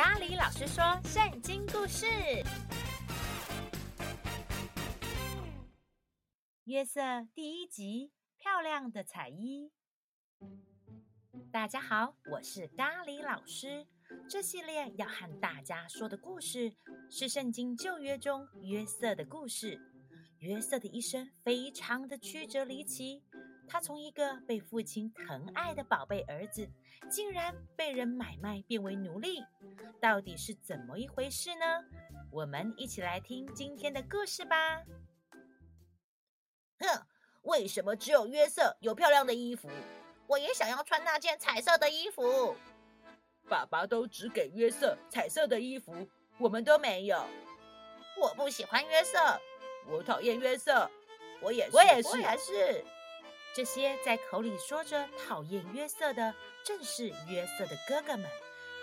咖哩老師說聖經故事，《約瑟》第一集《漂亮的彩衣》。大家好，我是咖哩老師。這系列要和大家說的故事是《聖經舊約》中約瑟的故事。約瑟的一生非常的曲折離奇。他從一個被父親疼愛的寶貝兒子，竟然被人買賣變為奴隸，到底是怎麼一回事呢？我們一起來聽今天的故事吧。哼，為什麼只有約瑟有漂亮的衣服？我也想要穿那件彩色的衣服。爸爸都只給約瑟彩色的衣服，我們都沒有。我不喜歡約瑟，我討厭約瑟。我也是，我也是。這些在口裡說着討厭約瑟的，正是約瑟的哥哥們。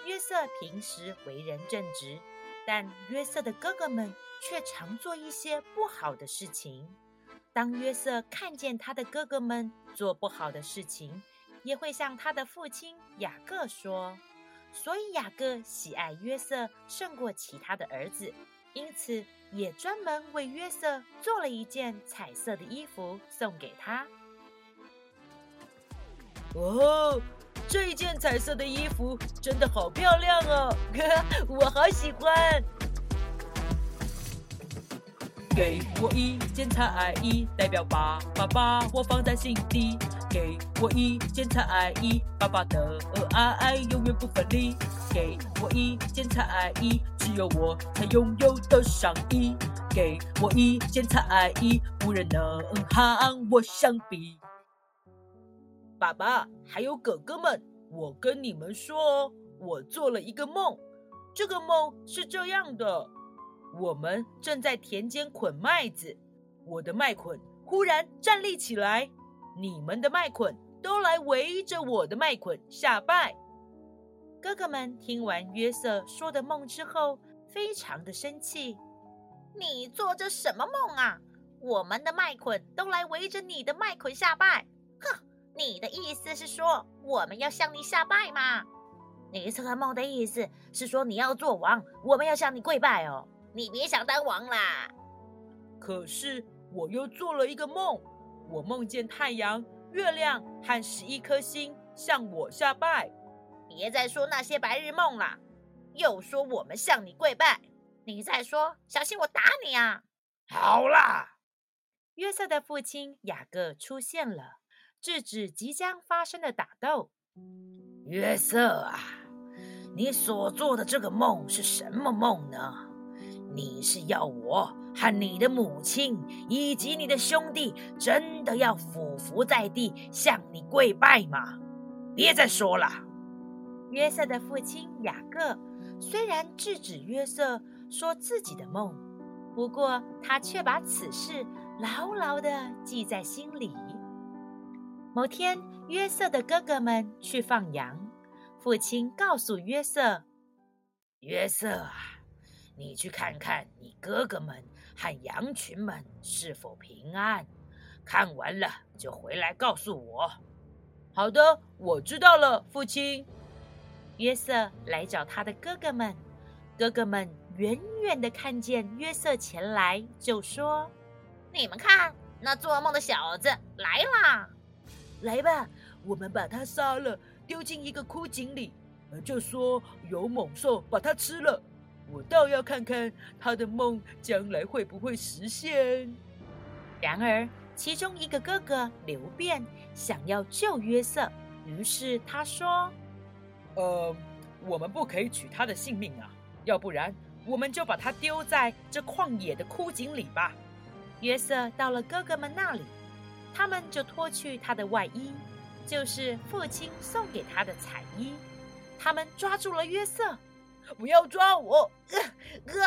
約瑟平時為人正直，但約瑟的哥哥們卻常做一些不好的事情。當約瑟看見他的哥哥們做不好的事情，也會向他的父親雅各說。所以雅各喜愛約瑟勝過其他的兒子，因此也專門為約瑟做了一件彩色的衣服送給他。哦，這一件彩色的衣服真的好漂亮哦，呵呵，我好喜歡。給我一件彩衣，代表把爸爸把我放在心底。給我一件彩衣，爸爸的愛永遠不分離。給我一件彩衣，只有我才擁有的上衣。給我一件彩衣，無人能和我相比。爸爸，還有哥哥們，我跟你們說哦，我做了一個夢。這個夢是這樣的：我們正在田間捆麥子，我的麥捆忽然站立起來，你們的麥捆都來圍着我的麥捆下拜。哥哥們聽完約瑟說的夢之後，非常的生氣：“你做着什麼夢啊？我們的麥捆都來圍着你的麥捆下拜！”哼。你的意思是說我們要向你下拜嗎？你這個夢的意思是說你要做王，我們要向你跪拜哦。你別想當王啦！可是我又做了一個夢，我夢見太陽、月亮和十一顆星向我下拜。別再說那些白日夢啦，又說我們向你跪拜，你再說小心我打你啊！好啦，約瑟的父親雅各出現了。制止即將發生的打鬥。約瑟啊，你所做的這個夢是什麼夢呢？你是要我和你的母親以及你的兄弟真的要俯伏在地向你跪拜嗎？別再說了。約瑟的父親雅各雖然制止約瑟說自己的夢，不過他卻把此事牢牢的記在心裡。某天，約瑟的哥哥們去放羊，父親告訴約瑟：“約瑟啊，你去看看你哥哥們和羊群們是否平安，看完了就回來告訴我。”“好的，我知道了，父親。”約瑟來找他的哥哥們，哥哥們遠遠的看見約瑟前來，就說：“你們看，那做夢的小子來啦！”來吧，我們把他殺了，丟進一個枯井裡，而就說有猛獸把他吃了。我倒要看看他的夢將來會不會實現。然而，其中一個哥哥流便想要救約瑟，於是他說：“呃，我們不可以取他的性命啊，要不然我們就把他丟在這曠野的枯井裡吧。”約瑟到了哥哥們那裡。他們就脫去他的外衣，就是父親送給他的彩衣。他們抓住了約瑟，不要抓我啊！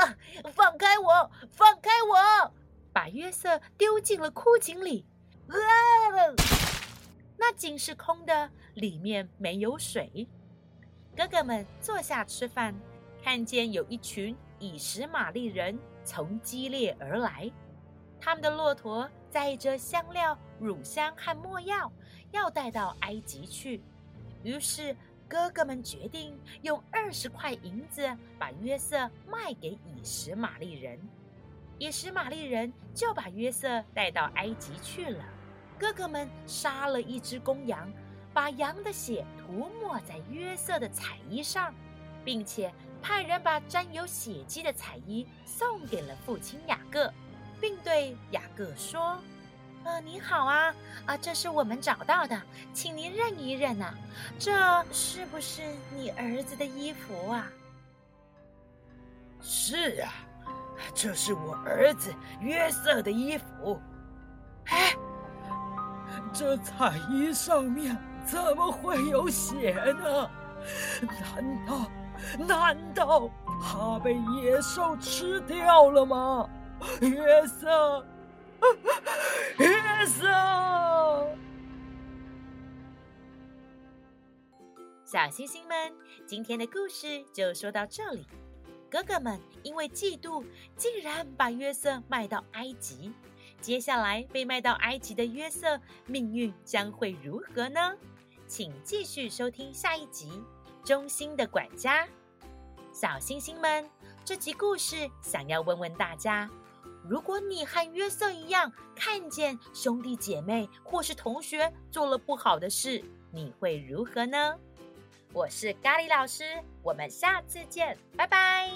啊，放開我！放開我！把約瑟丟進了枯井裡。啊！那井是空的，裡面沒有水。哥哥們坐下吃飯，看見有一群以實瑪利人從基列而來。他們的駱駝載着香料、乳香和沒藥，要帶到埃及去。於是哥哥們決定用二十塊銀子把約瑟賣給以實瑪利人，以實瑪利人就把約瑟帶到埃及去了。哥哥們殺了一隻公羊，把羊的血塗抹在約瑟的彩衣上，並且派人把沾有血跡的彩衣送給了父親雅各。並對雅各說：“啊、呃，你好啊，啊、呃，這是我們找到的，請您認一認啊，這是不是你兒子的衣服啊？”“是啊，這是我兒子約瑟的衣服。”“哎，這彩衣上面怎麼會有血呢？難道難道他被野獸吃掉了嗎？”約瑟，約瑟！小星星們，今天的故事就說到這裡。哥哥們因為嫉妒，竟然把約瑟賣到埃及。接下來被賣到埃及的約瑟，命運將會如何呢？請繼續收聽下一集《忠心的管家》。小星星們，這集故事想要問問大家。如果你和約瑟一樣，看見兄弟姐妹或是同學做了不好的事，你會如何呢？我是咖哩老師，我們下次見，拜拜。